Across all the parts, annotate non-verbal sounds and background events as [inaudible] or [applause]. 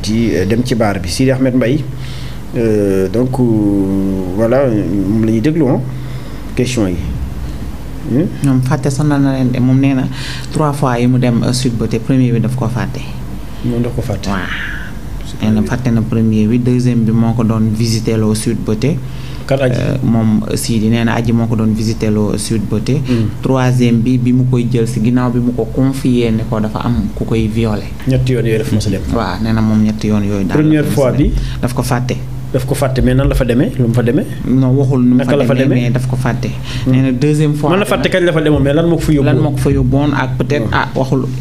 di euh, dem ci baar bi Sidi Ahmed Mbaye euh, donc euh, voilà moom la ñuy déglu question yi. Hmm? ñoom fàtte sonal na leen de moom nee na trois fois yi mu dem sud ba te premier bi daf ko fàtte. moom daf ko fàtte. waaw na fàtte na premier bi deuxième bi moo ko doon visité loo sud ba te kat aji euh, moom Sidi nee na aji moo ko doon visité loo Sweet Beauté. Hmm. troisième bi bi mu koy jël si ginnaaw bi mu ko confié ne ko dafa am ku koy violé. ñetti yoon yooyu daf mos a dem. waaw nee na moom ñetti yoon yooyu. daal première fois bi daf ko fàtte. daf ko fàtte mais nan la fa demee lu mu fa demee. non waxul nu mu fa demee daf ko fàtte. nee hmm. na deuxième fois. mën na fàtte kañ la fa demoon mais lan moo ko fa yóbbu. lan moo ko hmm. ah,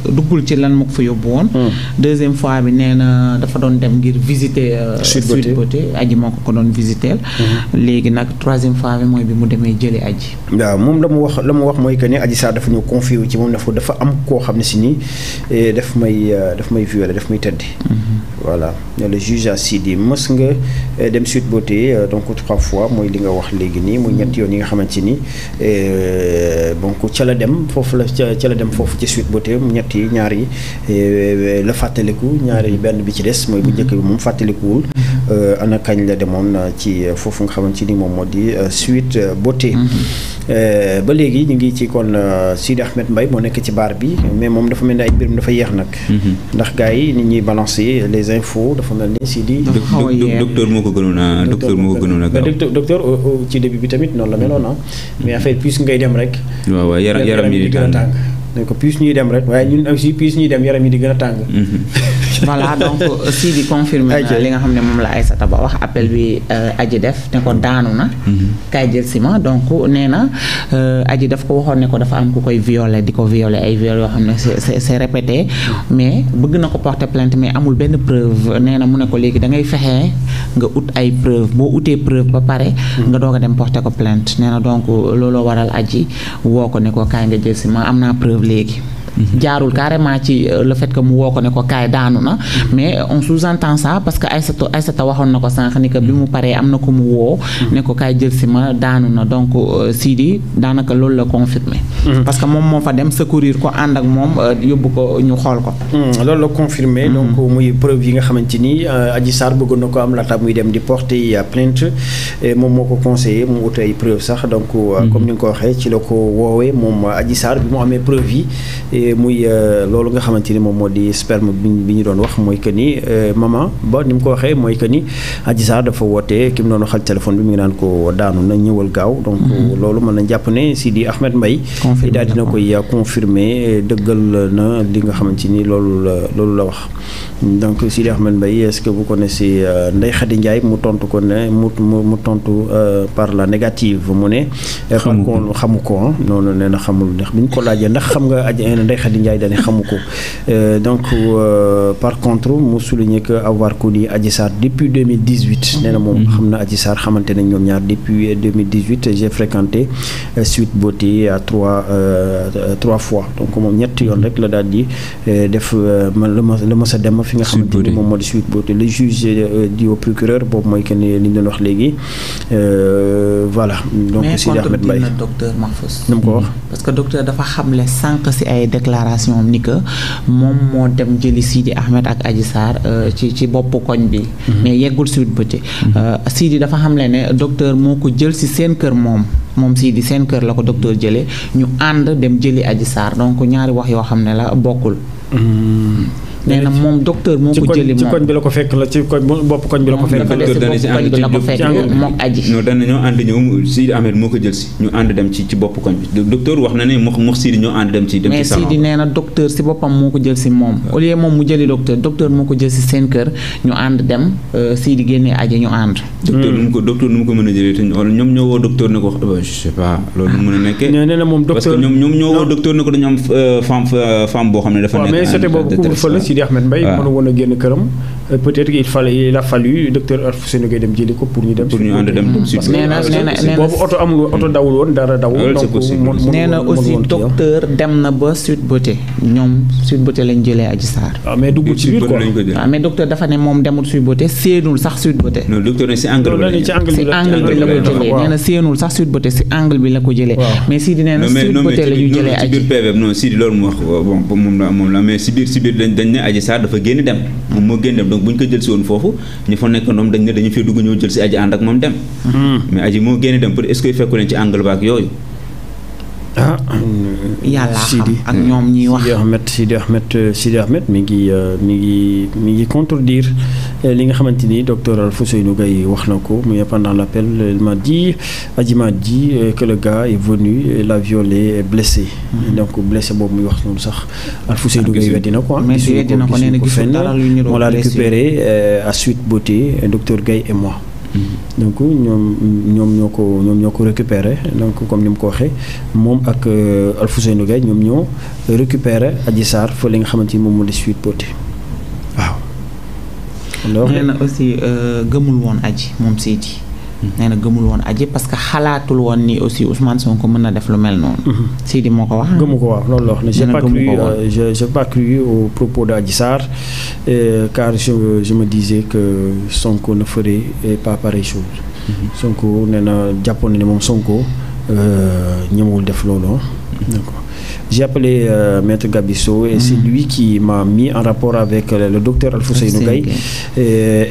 duggul ci lan moo ko fa yóbbu woon. Hmm. bi nee na dafa doon dem ngir visiter. Euh, Sweet Beauté aji moo ko ko doon visiter. léegi nag troisième fois bi bi mu demee jëlee aji. waaw moom la mu wax la mu wax mooy que ne aji sax dafa ñu confié wu ci moom dafa dafa am koo xam ne si nii eh, daf may euh, daf may violé daf may tëdd. voilà le a si di mës nga. Euh, dem Sweet Beauté euh, donc trois fois mooy li nga wax léegi nii muy ñett yoon yi nga xamante ni euh, donc ca la dem foofu la ca ca la dem foofu ci Sweet Beauté ñett yi ñaar yi la fàttaliku ñaar yi benn bi ci des mooy bu njëkk bi moom fàttalikuwul ana kañ la demoon ci foofu nga xamante ni moom moo di Sweet Beauté Euh, ba léegi ñu ngi ci kon euh, Sidi Ahmed mbay moo nekk ci baar bi mais moom dafa mel ni ay mbirum dafa yeex nag. Mhm. ndax gars yi nit ñuy balancer les infos dafa mel ni Sidi. docteur moo ko gënoon a docteur moo ko gënoon a gaaw docteur ci début bi tamit noonu la meloon ah. mais affaire plus ngay dem rek. waaw waaw yaram yaram yi di tàng donc plus ñuy dem rek waaye ñun aussi plus ñuy dem yaram yi di gën a tàng. Mhm. voilà donc Sidi confirmé na li nga xam ne moom la Aïssata Ba wax appel bi euh, aji def ne ko daanu na mhm. kaay jël si ma donc nee na euh, aji daf ko waxoon ne ko dafa am ku koy violé di ko violé ay viol yoo xam ne c'est répété mais bëgg na ko porter plainte mais amul benn preuve nee na mu ne ko léegi da ngay fexe nga ut ay preuve boo utee preuve ba pare mhm. nga doog dem porter ko plainte nee na donc looloo waral aji woo ko ne ko kaay nga jël si ma am naa preuve léegi jaarul carrément ci euh, le fait que mu woo ko ne ko kaay daanu na mais on sous-entend ça parce que Aïssata Aïssata waxoon na ko sànq ni que bi mu paree am na ko mu woo ne ko kaay jël si ma daanu na donc euh, di daanaka loolu la confirmé mm-hmm. parce que moom moo fa dem secourir ko ànd ak moom euh, yóbbu ko ñu xool ko mm-hmm. loolu la confirmé mm-hmm. donc muy preuve yi nga xamante ni Adji Sarr bëggoon na ko am laata muy dem di porter plainte moom moo ko conseillé mu wut ay preuve sax donc comme ni nga ko waxee ci la ko woowee moom Adji Sarr bi mu amee preuve yi Eh, muy eh, loolu nga xamante ni moom moo di sperme bi ñu doon wax mooy que ni eh, maman ba ni mu ko waxee mooy que ni saa Sarr dafa woote ki mu doon waxal téléphone bi mu ngi naan ko daanu na ñëwal gaaw. donc mhm. loolu mën nañ jàpp ne Sidi Ahmed Mbaye. confirmé daal dina koy confirmer dëggal na li nga xamante ni loolu la loolu la wax. donc Sidi Ahmed Mbaye est-ce que vous connaissez euh, Ndeye Khady Ndiaye mu tontu ko ne mu mu tontu euh, par la négative mu ne. xamu ko xamu noonu nee xamul bi ñu ko laajee ndax xam nga aji Ndeye Khady Ndiaye dañu xamu ko euh, donc euh, par contre mu souligner que avoir connu Adji Sarr depuis 2018. moom xam na Adji Sarr xamante nañ ñoom ñaar depuis 2018 euh, j'ai fréquenté Sweet Beauté trois trois fois donc moom ñett yoon rek la daal di def man la ma la ma sa dem fi nga xamante ni moom moo di Sweet Beauté le juge di au procureur boobu mooy que li ñu wax léegi voilà. donc Sidi Ahmed Mbaye mais contre ko wax parce que docteur dafa xamle sànq si ay déclaration am ni moom moo dem jëli siidi Ahmed ak aji Sarr euh, ci ci boppu koñ bi. Mm-hmm. mais yeggul Sweet Beauté. Mm-hmm. Euh, Sidi dafa xam le ne docteur moo ko jël si seen kër moom. moom sii di seen kër la ko docteur jëlee ñu ànd dem jëli Adji Sarr donc ñaari wax yoo xam ne la bokkul. Mm-hmm. nee na moom docteur moo ko jëli moom ci koñ bi la ko fekk la ci koñ bopp koñ bi la ko fekk. koñ bi la ko fekk moom aji. non dañ ñoo ànd ñëw Sidi Ahmed moo ko jël si ñu ànd dem ci ci bopp koñ bi docteur wax na ne mox mox Sidi ñoo ànd dem ci dem ci salon mais Sidi nee na docteur si boppam moo ko jël si moom au lieu moom mu jëli docteur docteur moo ko jël si seen kër ñu ànd dem euh, Sidi génnee aji ñu ànd. docteur nu mu ko docteur nu mu ko mën a jëlee te ñoom ñoo woo docteur ne ko wax eh je sais pas loolu mën a nekkee. nee na moom docteur parce que ñoom ñoo woo docteur ne ko dañu am euh, femme euh, femme boo xam ne dafa nekk Sidi Ahmed Mbaye ah. mënu woon a génn këram euh, peut-être il fallait il a fallu docteur Alfousseyni Gaye dem jëli ko pour ñu dem pour ñu ànd aussi docteur dem na ba Sweet Beauté ñoom Sweet Beauté lañ jëlee Adji Sarr ah, mais duggul ci biir quoi ah mais docteur dafa ne moom demul Sweet Beauté séenul sax Sweet Beauté non docteur ne mais Sidi nee na Sweet Beauté la ñu jëlee Adji Sarr dafa génn dem moom moo génn dem donc bu ñu ko jël si woon foofu ñu fa nekk noom dañ ne dañu fee dugg ñëw jël si Adji ànd ak moom dem hmm. mais Adji moo génn dem pour est-ce que fekku ci angle baak yooyu ah yàlla xam ak ñoom ñuy wax Sidi Ahmed Sidi Ahmed Sidi Ahmed mi ngi euh, mi ngi mi ngi contredire euh, li nga xamante ni docteur Alfousseynou Gaye wax na ko mais pendant l'appel il m'a dit Adji m'a dit euh, que le gars est venu l'a violé et blessé. Mm-hmm. donc blessé boobu muy wax noonu sax Alfousseynou ah, Gaye weddi na ko na ko nee na gisul dara ñu doon blessé on l'a récupéré à suite beauté docteur Gaye et moi. donc ñoom ñoom ñoo ko ñoom ñoo ko récupéré donc comme ni ko waxee moom ak euh, Alfousseynou Gaye ñoom ñoo récupéré Adji Sarr fa li nga xamante ni moom moo di Sweet Beauty waaw. nee na aussi euh, gëmul woon aji moom Seydi nee na gëmul woon aji parce que xalaatul woon ni aussi Ousmane Sonko mën na def lu mel noonu. Mhm. Sidi moo ko wax. gëmu ko wax loolu la wax ne j'ai euh, pas cru je au propos d'Adji saar car je je me disais que Sonko ne ferait pas pareille chose. Mhm. Sonko nee na jàppoon ne moom Sonko euh, ñemewul def loolu. Mhm. d'accord J'ai appelé euh, Maître Gabisso et mm -hmm. c'est mhm. lui qui m'a mis en rapport avec euh, le docteur Alfousey ah, Nougay. Et,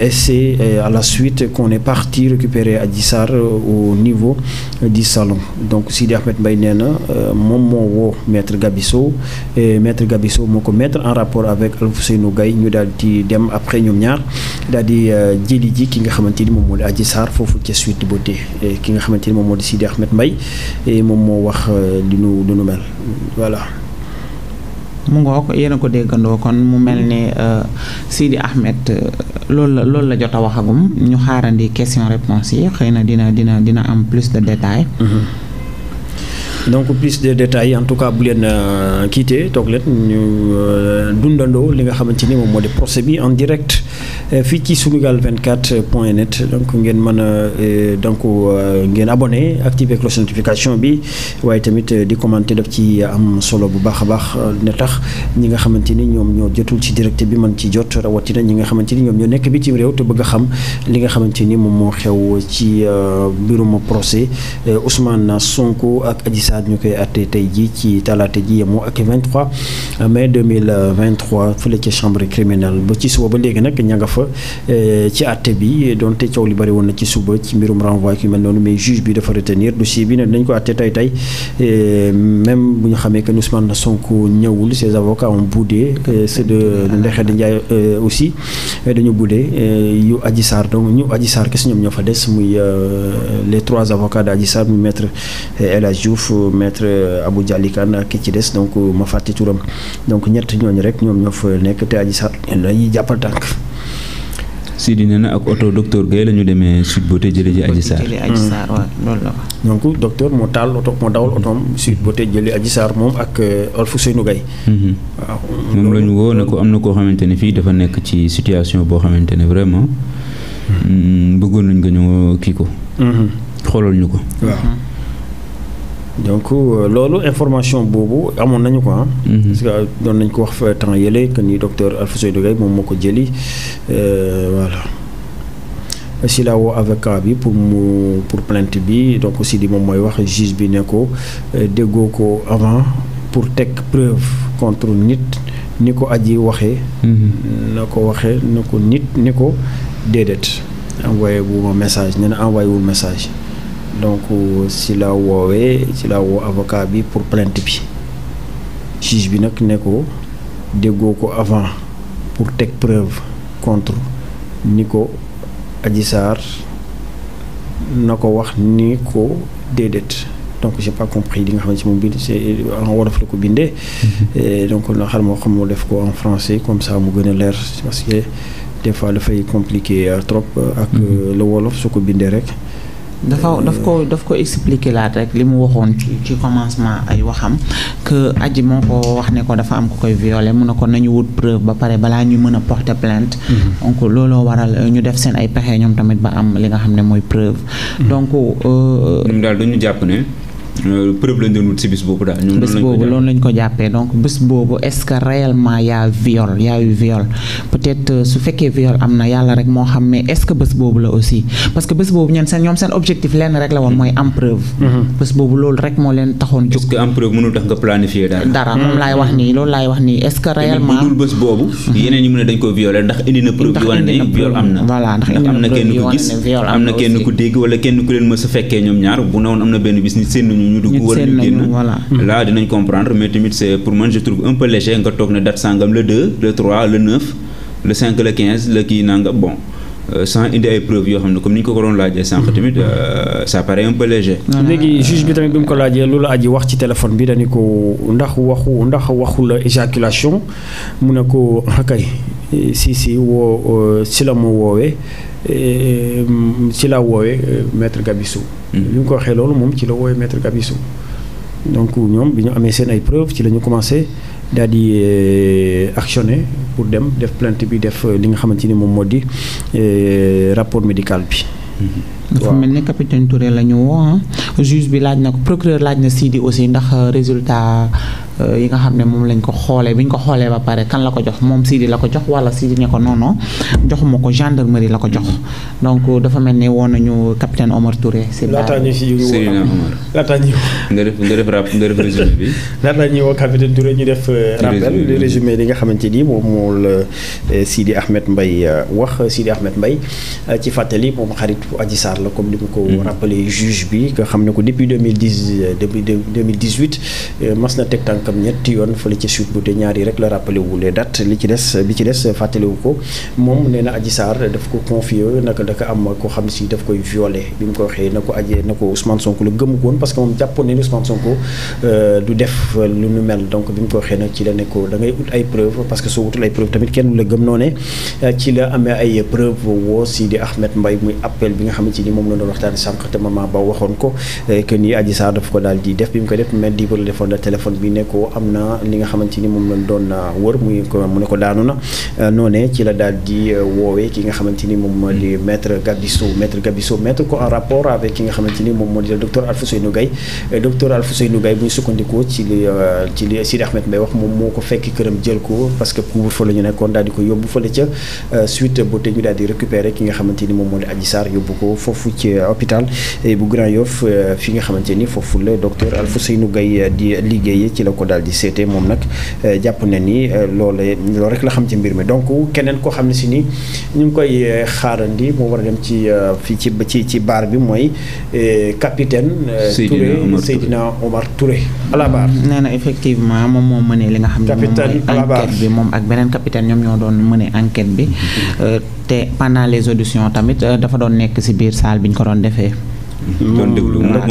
et c'est euh, à la suite qu'on est parti récupérer Adissar euh, au niveau euh, di salon. Donc Sidi Ahmed Mbaye nee na moom moo woo Maître Gabisso et Maître Gabisso moo ko mettre en rapport avec Alfousey Nougay ñu daal di dem après ñoom ñaar daal di jëli ji ki nga xamante ni moom moo di Adissar foofu ca suite ba tey ki nga xamante ni moom moo di Sidi Ahmed Mbaye moom moo wax li nu nu mel. voilà. mu ngoog yéen ko déggandoo kon mu mel ni euh, Sidi Ahmed euh, loolu la loolu la jot a waxagum ñu xaarandi question réponse yi xëy na dina dina dina am plus de détails. Mm-hmm. donc plus de détails en tout cas bu leen euh, quitté toog ñu dundandoo li nga xamante ni moom moo di procès bi en direct. Euh, fii ci sunugal 24 point net donc ngeen mën a euh, donc euh, ngeen abonné activer cloche notification bi waaye tamit di commenter def ci am solo bu baax a baax ne tax ñi nga xamante ni ñoom ñoo jotul ci direct bi mën ci jot rawatina ñi nga xamante ni ñoom ñoo nekk bitim réew te bëgg a xam li nga xamante ni moom moo xew ci mbirum procès Ousmane Sonko ak Adji ñu koy àtte tey jii ci talaate ji yemoo ak 23 mai 2023 fële ca chambre criminelle ba ci suba ba léegi nag ña nga fa fa euh, ci àtte bi donte coow li bari woon na ci suba ci mbirum renvoi ki mel noonu mais juge bi dafa retenir dossier bi ne dañ ko àtte tey tey euh, même bu ñu xamee que Ousmane Sonko ñëwul ses avocats ont boudé euh, ceux de Ndeye Khady Ndiaye aussi dañu boudé yu Adji Sarr donc ñu Adji Sarr kese ñoom ñoo fa des muy les trois avocats d'Adji Sarr muy maître El Hadj Diouf maître Abou Dialikane ak ki ci des donc ma fàtte turam donc ñett ñooñu rek ñoom ñoo fa nekk te Adji Sarr Sidi nee na ak oto docteur Guèye la ñu demee Sweet Beauté jëlee ji Adji Sarr. jëlee moo taal oto moo dawal otoom Sweet Beauté jëlee Adji Sarr moom ak euh, Alfousseynou Guèye. Mhm. waaw moom la ñu woo ko am na koo xamante ne fii dafa nekk ci situation boo xamante ne vraiment mhm. mm, bëggoon nañ ko ñëw kii ko. Mhm. xoolal ñu ko. donc euh, loolu information boobu amoon nañu ko ah. parce que euh, doon nañu ko wax fa temps yële que ni docteur Alpha Seydou Gueye moom moo ko jëli euh, voilà. si la woo avocat bi pour mu pour plainte bi donc aussi di moom mooy wax juge bi ne ko déggoo ko avant pour teg preuve contre nit ni ko aji waxee. Mhm. na ko waxe na ko nit ni ko déedéet. envoyé bu ma message nee na envoyé wul message. donc euh, si la woowee si la woo avocat bi pour plainte bi juge bi nag ne ko déggoo ko avant pour teg preuve contre ni ko Adji Sarr na ko wax ni ko déedéet donc j'ai pas compris li nga xam ne si moom bind c'est en wolof la ko bindee mhm. donc na xar moo xam moo def ko en français comme ça mu gën a leer parce que fois dafay compliqué euh, trop euh, ak mhm. la wolof soo ko bindee rek dafa daf ko daf ko expliqué laat rek li mu waxoon ci commencement ay waxam que aji moo ko wax ne ko dafa am ko koy violé mu ne ko nañu wut preuve ba pare balaa ñu mën a porter plainte mm-hmm. donc looloo waral euh, ñu def seen ay pexe ñoom tamit ba am li nga xam ne mooy preuve mm-hmm. donc euh, ñoom daal dañu jàpp ne Euh, preuve la ñu si bis boobu daal. ñoom boobu loolu lañ ko jàppee donc bés boobu est-ce que réellement y a viol y peut-être euh, su fekkee viol am na yàlla rek moo xam mais est-ce que bés boobu mhm. loolu rek moo leen taxoon jóg. est nga planifier dara. dara moom laay wax nii loolu laay wax nii est-ce que réellement. te dul bés boobu. Mhm. yeneen yi mu ne dañ ko violer ndax indi na preuve. ndax indi na preuve ndax indi preuve yi ne viol am na kenn ku ñu dugg wala ñu génn voilà laa dinañ comprendre mais tamit c'est pour man je trouve un peu nga toog ne date sangam le 2 le 3 le 9 le 5 le 15 le kii nanga bon euh, sans indi ay preuves yoo xam ne comme ni ñu ko ko doon laajee sànq mm-hmm. tamit euh, ça paraît un peu léegi juge bi tamit bi mu ko laajee loolu aji wax ci téléphone bi dañu ko ndax waxu ndax waxu la éjaculation mu ne ko xakay ah, si si woo si euh, la ma woowee si euh, la woowee euh, maître Gabisu mm-hmm. bi mu ko waxee loolu moom ci la woowee maître Gabisu donc ñoom bi ñu amee seen ay preuve ci lañu ñu commencé daal di actionné pour dem def plainte bi def li nga xamante ni moom moo di rapport médical bi mm-hmm. dafa mel ni capitaine Touré la ñu woo bi laaj na ko procureur laaj na Sidi aussi ndax résultat Euh, yi nga xam ne moom lañ ko xoolee bi ñu ko xoolee ba pare kan la ko jox moom Sidi la ko jox wala Sidi ne ko non non joxuma ko gendarmerie la ko jox donc dafa mel ni woon nañu capitaine Omar Touré. si laataa ñu si Seydina Omar laataa ñu. nga def nga def bi. [laughs] laataa ñu woo capitaine Touré ñu def. Euh, rappel le li nga xamante ni moom moo la euh, Sidi Ahmed Mbaye wax Sidi Ahmed Mbaye ci fàttali moom xaritu Adji Sarr la comme ni mu ko hmm. rappelé juge bi nga xam ne ko depuis deux mille dix mas na teg tànk xam ñetti yoon fële ca chute bu te ñaar yi rek la rappelé wu li ci des bi ci des fàttaliwu ko moom nee na daf ko confié naka daka am ko xam si daf koy violé bi mu ko waxee na ko aje na ko Ousmane Sonko la gëm ko woon parce que moom jàppoon euh, def mel ko waxee nag ci la noo ne euh, ci la amee ay ni moom la doon waxtaan sànq te maman ba waxoon ko euh, que ni di bi mu ko def bi nekk ko am na li nga xamante ni moom lañ doon euh, wër mu ne ko daanu na euh, noonee ci la daal di euh, woowee ki nga xamante ni moom moo di maître Gabisso maître Gabisso mettre ko en rapport avec ki nga xamante moom moo di docteur Alfousseynou Gaye docteur Alfousseynou Gaye bu ñu sukkandikoo ci li ci li ko fekk këram que la ñu nekkoon daal di ko yóbbu fële ca suite ba te ñu daal di récupérer ki nga xamante ni moom moo di Adji Sarr yóbbu ko foofu ci hôpital bu Grand Yoff fi nga xamante ni foofu la docteur Alfousseynou Gaye di liggéeyee ci la ko ko di seete moom nag euh, jàpp na ni euh, loolee loolu rek la xam ci mbir mi donc keneen koo xam ne si ni ñu ngi koy euh, xaarandi mu war a dem ci fii ci ci ci baar bi mooy capitaine. Touré Seydina Omar Touré à la barre. Mm, nee na effectivement moom moo mënee li nga xam ne moom mooy enquête bi moom ak beneen capitaine ñoom ñoo doon mënee enquête bi mm-hmm. te pendant les auditions tamit dafa doon nekk ci biir salle bi ñu ko doon defee.